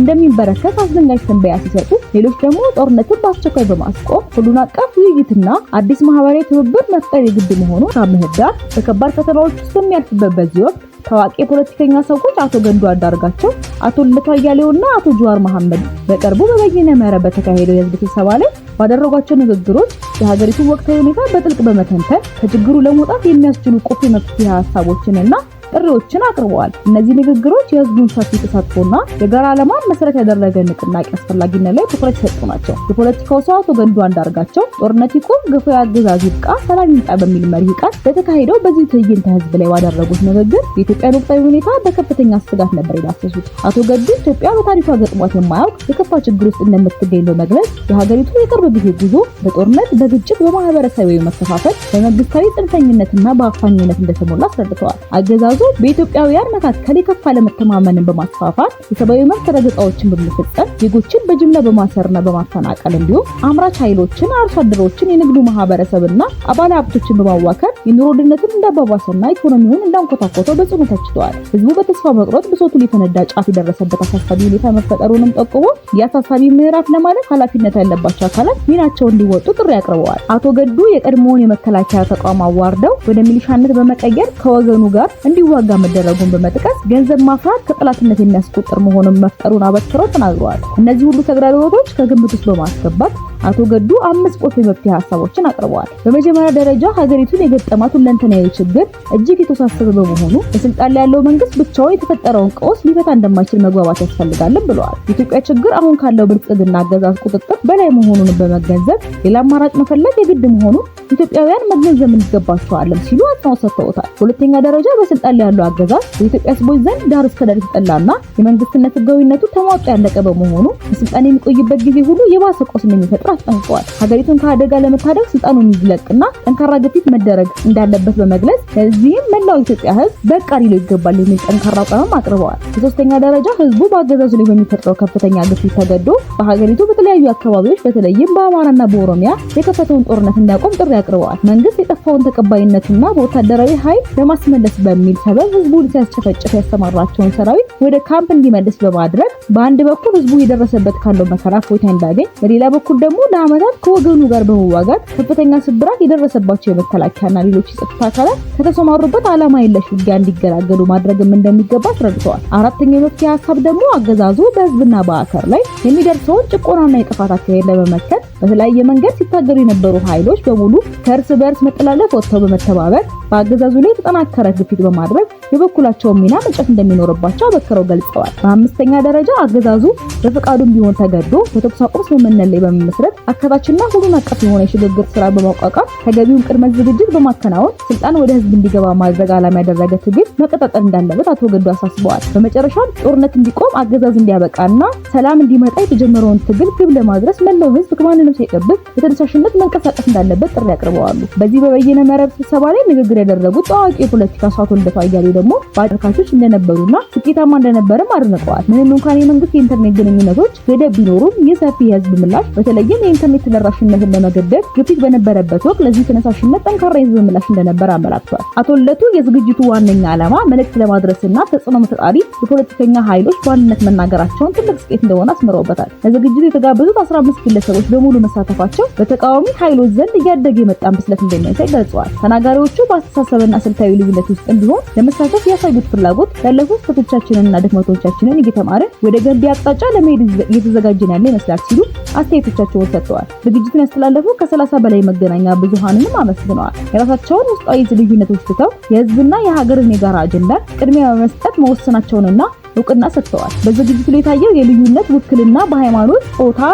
እንደሚበረከት አስደንጋጭ ትንበያ ሲሰጡ፣ ሌሎች ደግሞ ጦርነትን በአስቸኳይ በማስቆም ሁሉን አቀፍ ውይይትና አዲስ ማህበራዊ ትብብር መፍጠር የግድ መሆኑን ምህዳር በከባድ ፈተናዎች ውስጥ በሚያልፍበት በዚህ ወቅት ታዋቂ የፖለቲከኛ ሰዎች አቶ ገንዱ አንዳርጋቸው፣ አቶ ልደቱ አያሌውና አቶ ጀዋር መሐመድ በቅርቡ በበይነ መረብ በተካሄደው የህዝብ ስብሰባ ላይ ባደረጓቸው ንግግሮች የሀገሪቱን ወቅታዊ ሁኔታ በጥልቅ በመተንተን ከችግሩ ለመውጣት የሚያስችሉ መፍትሄ ሀሳቦችን ሀሳቦችንና ጥሪዎችን አቅርበዋል። እነዚህ ንግግሮች የህዝቡን ሰፊ ተሳትፎና የጋራ ዓላማን መሰረት ያደረገ ንቅናቄ አስፈላጊነት ላይ ትኩረት የሰጡ ናቸው። የፖለቲካው ሰው አቶ ገዱ አንዳርጋቸው ጦርነት ይቁም፣ ገፎ የአገዛዙ ይብቃ፣ ሰላም ይምጣ በሚል መሪ ቃል በተካሄደው በዚህ ትዕይንተ ህዝብ ላይ ባደረጉት ንግግር የኢትዮጵያን ወቅታዊ ሁኔታ በከፍተኛ ስጋት ነበር የዳሰሱት። አቶ ገዱ ኢትዮጵያ በታሪኳ ገጥሟት የማያውቅ የከፋ ችግር ውስጥ እንደምትገኝ በመግለጽ የሀገሪቱ የቅርብ ጊዜ ጉዞ በጦርነት፣ በግጭት፣ በማህበረሰባዊ መከፋፈል፣ በመንግስታዊ ጽንፈኝነትና በአፋኝነት እንደተሞላ አስረድተዋል። አገዛዙ በማስፋፋቱ በኢትዮጵያውያን መካከል የከፍ ለመተማመንን በማስፋፋት የሰብአዊ መብት ረገጣዎችን በመፈጸም ዜጎችን በጅምላ በማሰርና በማፈናቀል እንዲሁም አምራች ኃይሎችን፣ አርሶ አደሮችን፣ የንግዱ ማህበረሰብና አባለ ሀብቶችን በማዋከር የኑሮ ድህነትን እንዳባባሰና ኢኮኖሚውን እንዳንኮታኮተው በጽኑ ተችተዋል። ህዝቡ በተስፋ መቁረጥ ብሶቱ ሊተነዳ ጫፍ የደረሰበት አሳሳቢ ሁኔታ መፈጠሩንም ጠቁሞ የአሳሳቢ ምዕራፍ ለማለት ኃላፊነት ያለባቸው አካላት ሚናቸውን እንዲወጡ ጥሪ አቅርበዋል። አቶ ገዱ የቀድሞውን የመከላከያ ተቋም አዋርደው ወደ ሚሊሻነት በመቀየር ከወገኑ ጋር እንዲወ እንዲዋጋ መደረጉን በመጥቀስ ገንዘብ ማፍራት ከጠላትነት የሚያስቆጥር መሆኑን መፍጠሩን አበክረው ተናግረዋል። እነዚህ ሁሉ ተግዳሮቶች ከግምት ውስጥ በማስገባት አቶ ገዱ አምስት ቁልፍ የመፍትሄ ሀሳቦችን አቅርበዋል። በመጀመሪያ ደረጃ ሀገሪቱን የገጠማት ሁለንተናዊ ችግር እጅግ የተወሳሰበ በመሆኑ በስልጣን ላይ ያለው መንግስት ብቻውን የተፈጠረውን ቀውስ ሊፈታ እንደማይችል መግባባት ያስፈልጋልን ብለዋል። የኢትዮጵያ ችግር አሁን ካለው ብልጽግና አገዛዝ ቁጥጥር በላይ መሆኑን በመገንዘብ ሌላ አማራጭ መፈለግ የግድ መሆኑን ኢትዮጵያውያን መገንዘብ እንዲገባቸዋለን ሲሉ አጽንኦት ሰጥተውታል። ሁለተኛ ደረጃ በስልጣን ላይ ያለው አገዛዝ በኢትዮጵያ ህዝቦች ዘንድ ዳር እስከ ዳር የተጠላና የመንግስትነት ህጋዊነቱ ተሟጦ ያለቀ በመሆኑ በስልጣን የሚቆይበት ጊዜ ሁሉ የባሰ ቀውስ እንደሚፈጥር አስጠንቀዋል። ሀገሪቱን ከአደጋ ለመታደግ ስልጣኑን እንዲለቅና ጠንካራ ግፊት መደረግ እንዳለበት በመግለጽ ከዚህም መላው ኢትዮጵያ ህዝብ በቃ ሊለው ይገባል የሚል ጠንካራ አቋምም አቅርበዋል። በሶስተኛ ደረጃ ህዝቡ በአገዛዙ ላይ በሚፈጥረው ከፍተኛ ግፊት ተገዶ በሀገሪቱ በተለያዩ አካባቢዎች በተለይም በአማራና በኦሮሚያ የከፈተውን ጦርነት እንዲያቆም ጥሪ አቅርበዋል። መንግስት የጠፋውን ተቀባይነትና በወታደራዊ ኃይል ለማስመለስ በሚል ሰበብ ህዝቡ ሲያስጨፈጭፍ ያሰማራቸውን ሰራዊት ወደ ካምፕ እንዲመልስ በማድረግ በአንድ በኩል ህዝቡ የደረሰበት ካለው መከራ ፎይታ እንዳገኝ፣ በሌላ በኩል ደግሞ ለአመታት ከወገኑ ጋር በመዋጋት ከፍተኛ ስብራት የደረሰባቸው የመከላከያና ሌሎች የጸጥታ አካላት ከተሰማሩበት አላማ የለሽ ውጊያ እንዲገላገሉ ማድረግም እንደሚገባ አስረድተዋል። አራተኛው የመፍትሄ ሀሳብ ደግሞ አገዛዙ በህዝብና በአከር ላይ የሚደርሰውን ጭቆናና የጥፋት አካሄድ ለመመከት በተለያየ መንገድ ሲታገሉ የነበሩ ኃይሎች በሙሉ ከእርስ በእርስ መጠላለፍ ወጥተው በመተባበር በአገዛዙ ላይ የተጠናከረ ግፊት በማድረግ የበኩላቸውን ሚና መጫወት እንደሚኖርባቸው አበክረው ገልጸዋል። በአምስተኛ ደረጃ አገዛዙ በፈቃዱም ቢሆን ተገዶ በተኩስ አቁም ስምምነት ላይ በመመስረት አካታችና ሁሉን አቀፍ የሆነ የሽግግር ስራ በማቋቋም ተገቢውን ቅድመ ዝግጅት በማከናወን ስልጣን ወደ ህዝብ እንዲገባ ማድረግ ዓላማ ያደረገ ትግል መቀጣጠል እንዳለበት አቶ ገዱ አሳስበዋል። በመጨረሻም ጦርነት እንዲቆም አገዛዝ እንዲያበቃና ሰላም እንዲመጣ የተጀመረውን ትግል ግብ ለማድረስ መላው ህዝብ ከማንንም ሳይጠብቅ በተነሳሽነት መንቀሳቀስ እንዳለበት ጥሪ አቅርበዋል። በዚህ በበይነ መረብ ስብሰባ ላይ ንግግር ያደረጉት ታዋቂ የፖለቲካ ሰው አቶ ልደቱ አያሌው ደግሞ በአመልካቾች እንደነበሩና ስኬታማ እንደነበረ አድንቀዋል። ምንም እንኳን የመንግስት የኢንተርኔት ግንኙነቶች ገደብ ቢኖሩም ይህ ሰፊ የህዝብ ምላሽ በተለይም የኢንተርኔት ተደራሽነትን ለመገደብ ግፊት በነበረበት ወቅት ለዚህ ተነሳሽነት ጠንካራ የህዝብ ምላሽ እንደነበር አመላክቷል። አቶ ልደቱ የዝግጅቱ ዋነኛ ዓላማ መልእክት ለማድረስና ተጽዕኖ ፈጣሪ የፖለቲከኛ ኃይሎች በአንድነት መናገራቸውን ትልቅ ስኬት እንደሆነ አስምረውበታል። ለዝግጅቱ የተጋበዙት 15 ግለሰቦች በሙሉ መሳተፋቸው በተቃዋሚ ኃይሎች ዘንድ እያደገ የመጣን ብስለት እንደሚያሳይ ገልጸዋል። ተናጋሪዎቹ በ አስተሳሰብና ስልታዊ ልዩነት ውስጥ እንዲሆን ለመሳተፍ ያሳዩት ፍላጎት ያለፉት ስህተቶቻችንንና ድክመቶቻችንን እየተማርን ወደ ገንቢ አቅጣጫ ለመሄድ እየተዘጋጀን ያለ ይመስላል ሲሉ አስተያየቶቻቸውን ሰጥተዋል። ዝግጅቱን ያስተላለፉ ከ30 በላይ መገናኛ ብዙሃንንም አመስግነዋል። የራሳቸውን ውስጣዊ ልዩነቶች ትተው የህዝብና የሀገርን የጋራ አጀንዳ ቅድሚያ በመስጠት መወሰናቸውንና እውቅና ሰጥተዋል። በዝግጅቱ ላይ የታየው የልዩነት ውክልና በሃይማኖት፣ ጾታ፣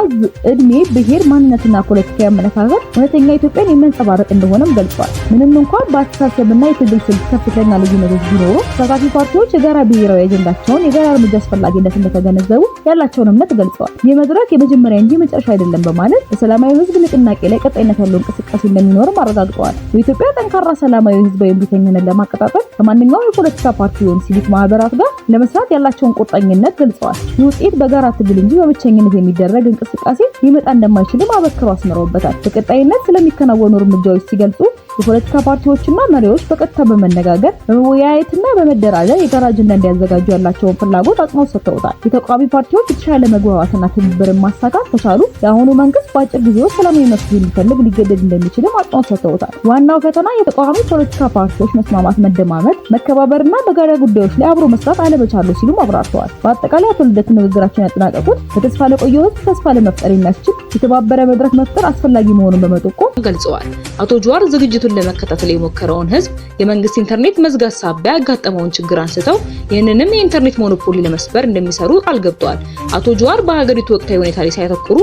እድሜ፣ ብሔር፣ ማንነትና ፖለቲካዊ አመለካከት እውነተኛ ኢትዮጵያን የሚያንጸባርቅ እንደሆነም ገልጿል። ምንም እንኳን በአስተሳሰብና የትግል ስልት ከፍተኛ ልዩነቶች ቢኖሩ ተሳታፊ ፓርቲዎች የጋራ ብሔራዊ አጀንዳቸውን፣ የጋራ እርምጃ አስፈላጊነት እንደተገነዘቡ ያላቸውን እምነት ገልጸዋል። ይህ መድረክ የመጀመሪያ እንጂ መጨረሻ አይደለም በማለት በሰላማዊ ህዝብ ንቅናቄ ላይ ቀጣይነት ያለው እንቅስቃሴ እንደሚኖርም አረጋግጠዋል። በኢትዮጵያ ጠንካራ ሰላማዊ ህዝባዊ እምቢተኝነት ለማቀጣጠል ከማንኛውም የፖለቲካ ፓርቲ ወይም ሲቪክ ማህበራት ጋር ለመስራት ያላ ያላቸውን ቁርጠኝነት ገልጸዋል። ውጤት በጋራ ትግል እንጂ በብቸኝነት የሚደረግ እንቅስቃሴ ሊመጣ እንደማይችልም አበክረው አስምረውበታል። በቀጣይነት ስለሚከናወኑ እርምጃዎች ሲገልጹ የፖለቲካ ፓርቲዎችና መሪዎች በቀጥታ በመነጋገር በመወያየትና በመደራደር የጋራ አጀንዳ እንዲያዘጋጁ ያላቸውን ፍላጎት አጽንኦት ሰጥተውታል። የተቃዋሚ ፓርቲዎች የተሻለ መግባባትና ትብብርን ማሳካት ከቻሉ የአሁኑ መንግስት በአጭር ጊዜ ውስጥ ሰላማዊ መፍትሄ እንዲፈልግ ሊገደድ እንደሚችልም አጽንኦት ሰጥተውታል። ዋናው ፈተና የተቃዋሚ ፖለቲካ ፓርቲዎች መስማማት፣ መደማመጥ፣ መከባበርና በጋራ ጉዳዮች ላይ አብሮ መስራት አለመቻሉ ሲሉም አብራርተዋል። በአጠቃላይ አቶ ልደቱ ንግግራቸውን ያጠናቀቁት በተስፋ ለቆየ ህዝብ ተስፋ ለመፍጠር የሚያስችል የተባበረ መድረክ መፍጠር አስፈላጊ መሆኑን በመጠቆም ገልጸዋል። አቶ ጀዋር ዝግጅቱ ትምህርቱን ለመከታተል የሞከረውን ህዝብ የመንግስት ኢንተርኔት መዝጋት ሳቢያ ያጋጠመውን ችግር አንስተው ይህንንም የኢንተርኔት ሞኖፖሊ ለመስበር እንደሚሰሩ ቃል ገብተዋል። አቶ ጀዋር በሀገሪቱ ወቅታዊ ሁኔታ ላይ ሳያተኩሩ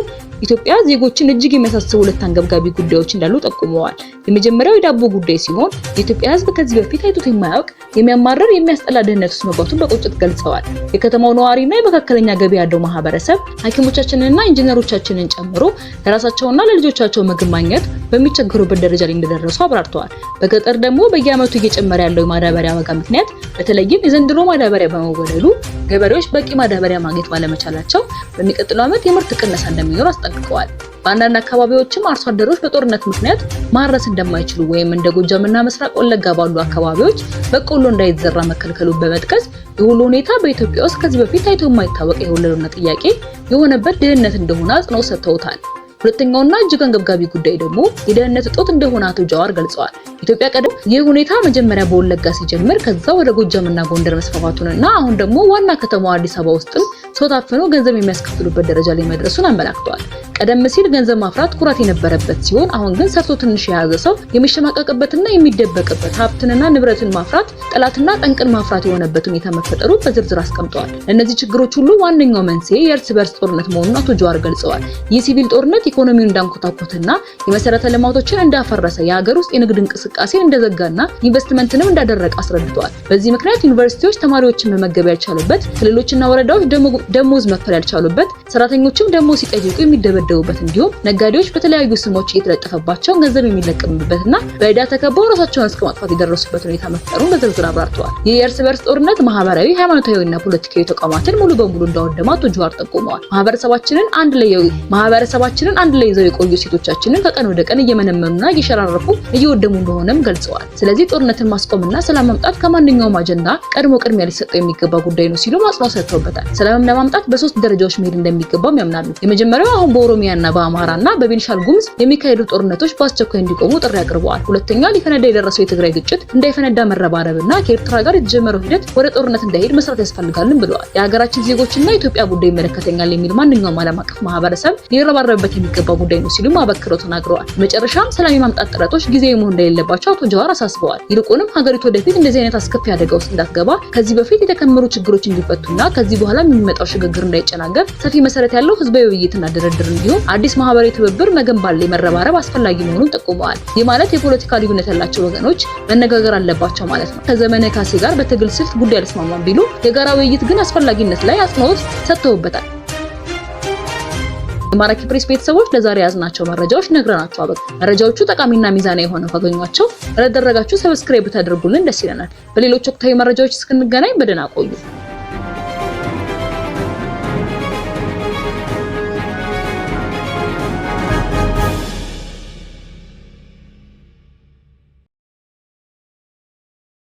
ኢትዮጵያ ዜጎችን እጅግ የሚያሳስቡ ሁለት አንገብጋቢ ጉዳዮች እንዳሉ ጠቁመዋል። የመጀመሪያው የዳቦ ጉዳይ ሲሆን የኢትዮጵያ ሕዝብ ከዚህ በፊት አይቶት የማያውቅ የሚያማርር፣ የሚያስጠላ ድህነት ውስጥ መግባቱን በቁጭት ገልጸዋል። የከተማው ነዋሪና የመካከለኛ ገቢ ያለው ማህበረሰብ ሐኪሞቻችንንና ኢንጂነሮቻችንን ጨምሮ ለራሳቸውና ለልጆቻቸው ምግብ ማግኘት በሚቸገሩበት ደረጃ ላይ እንደደረሱ አብራርተዋል። በገጠር ደግሞ በየዓመቱ እየጨመረ ያለው የማዳበሪያ ዋጋ ምክንያት በተለይም የዘንድሮ ማዳበሪያ በመወለዱ ገበሬዎች በቂ ማዳበሪያ ማግኘት ባለመቻላቸው በሚቀጥለው ዓመት የምርት ቅነሳ እንደሚኖር አስጠንቅቀዋል። በአንዳንድ አካባቢዎችም አርሶ አደሮች በጦርነት ምክንያት ማረስ እንደማይችሉ ወይም እንደ ጎጃምና ምስራቅ ወለጋ ባሉ አካባቢዎች በቆሎ እንዳይዘራ መከልከሉን በመጥቀስ የሁሉ ሁኔታ በኢትዮጵያ ውስጥ ከዚህ በፊት ታይቶ የማይታወቅ የወለዱና ጥያቄ የሆነበት ድህነት እንደሆነ አጽንኦት ሰጥተውታል። ሁለተኛውና እጅግ አንገብጋቢ ጉዳይ ደግሞ የደህንነት እጦት እንደሆነ አቶ ጃዋር ገልጸዋል። ኢትዮጵያ ቀደም ይህ ሁኔታ መጀመሪያ በወለጋ ሲጀምር ከዛ ወደ ጎጃምና ጎንደር መስፋፋቱን አሁን ደግሞ ዋና ከተማዋ አዲስ አበባ ውስጥም ሰው ታፍኖ ገንዘብ የሚያስከፍሉበት ደረጃ ላይ መድረሱን አመላክተዋል። ቀደም ሲል ገንዘብ ማፍራት ኩራት የነበረበት ሲሆን አሁን ግን ሰርቶ ትንሽ የያዘ ሰው የሚሸማቀቅበትና የሚደበቅበት ሀብትንና ንብረትን ማፍራት ጠላትና ጠንቅን ማፍራት የሆነበት ሁኔታ መፈጠሩ በዝርዝር አስቀምጠዋል። እነዚህ ችግሮች ሁሉ ዋነኛው መንስኤ የእርስ በርስ ጦርነት መሆኑን አቶ ጀዋር ገልጸዋል። ይህ ሲቪል ጦርነት ኢኮኖሚውን እንዳንኮታኮትና የመሰረተ ልማቶችን እንዳፈረሰ የሀገር ውስጥ የንግድ እንቅስቃሴን እንደዘጋና ኢንቨስትመንትንም እንዳደረቀ አስረድተዋል። በዚህ ምክንያት ዩኒቨርሲቲዎች ተማሪዎችን መመገብ ያልቻሉበት፣ ክልሎችና ወረዳዎች ደሞዝ መክፈል ያልቻሉበት፣ ሰራተኞችም ደሞዝ ሲጠይቁ የሚደበ የሚደበደቡበት እንዲሁም ነጋዴዎች በተለያዩ ስሞች እየተለጠፈባቸው ገንዘብ የሚለቀምበትና በዕዳ ተከበው ራሳቸውን እስከ ማጥፋት የደረሱበት ሁኔታ መፍጠሩን በዝርዝር አብራርተዋል። ይህ የእርስ በርስ ጦርነት ማህበራዊ፣ ሃይማኖታዊና ፖለቲካዊ ተቋማትን ሙሉ በሙሉ እንዳወደማ አቶ ጁሃር ጠቁመዋል። ማህበረሰባችንን አንድ ላይ ማህበረሰባችንን አንድ ላይ ይዘው የቆዩ ሴቶቻችንን ከቀን ወደ ቀን እየመነመኑና እየሸራረፉ እየወደሙ እንደሆነም ገልጸዋል። ስለዚህ ጦርነትን ማስቆምና ሰላም ማምጣት ከማንኛውም አጀንዳ ቀድሞ ቅድሚያ ሊሰጠው የሚገባ ጉዳይ ነው ሲሉ አጽንኦት ሰጥተውበታል። ሰላምም ለማምጣት በሶስት ደረጃዎች መሄድ እንደሚገባም ያምናሉ። የመጀመሪያው አሁን በኦሮ በኦሮሚያና በአማራና በቤኒሻል ጉምዝ የሚካሄዱ ጦርነቶች በአስቸኳይ እንዲቆሙ ጥሪ አቅርበዋል። ሁለተኛ ሊፈነዳ የደረሰው የትግራይ ግጭት እንዳይፈነዳ መረባረብና ከኤርትራ ጋር የተጀመረው ሂደት ወደ ጦርነት እንዳይሄድ መስራት ያስፈልጋልን ብለዋል። የሀገራችን ዜጎችና ኢትዮጵያ ጉዳይ ይመለከተኛል የሚል ማንኛውም ዓለም አቀፍ ማህበረሰብ ሊረባረብበት የሚገባ ጉዳይ ነው ሲሉም አበክረው ተናግረዋል። መጨረሻም ሰላም የማምጣት ጥረቶች ጊዜያዊ መሆን እንደሌለባቸው አቶ ጀዋር አሳስበዋል። ይልቁንም ሀገሪቱ ወደፊት እንደዚህ አይነት አስከፊ አደጋ ውስጥ እንዳትገባ ከዚህ በፊት የተከመሩ ችግሮች እንዲፈቱና ከዚህ በኋላ የሚመጣው ሽግግር እንዳይጨናገር ሰፊ መሰረት ያለው ህዝባዊ ውይይትና ድርድር እንዲሁም አዲስ ማህበራዊ ትብብር መገንባት ላይ መረባረብ አስፈላጊ መሆኑን ጠቁመዋል። ይህ ማለት የፖለቲካ ልዩነት ያላቸው ወገኖች መነጋገር አለባቸው ማለት ነው። ከዘመነ ካሴ ጋር በትግል ስልት ጉዳይ አልስማማም ቢሉ የጋራ ውይይት ግን አስፈላጊነት ላይ አጽንኦት ሰጥተውበታል። የማራኪ ፕሬስ ቤተሰቦች ለዛሬ ያዝናቸው መረጃዎች ነግረናቸው አበቅ መረጃዎቹ ጠቃሚና ሚዛናዊ የሆነው ካገኟቸው ረደረጋችሁ ሰብስክራይብ ታደርጉልን ደስ ይለናል። በሌሎች ወቅታዊ መረጃዎች እስክንገናኝ በደህና ቆዩ።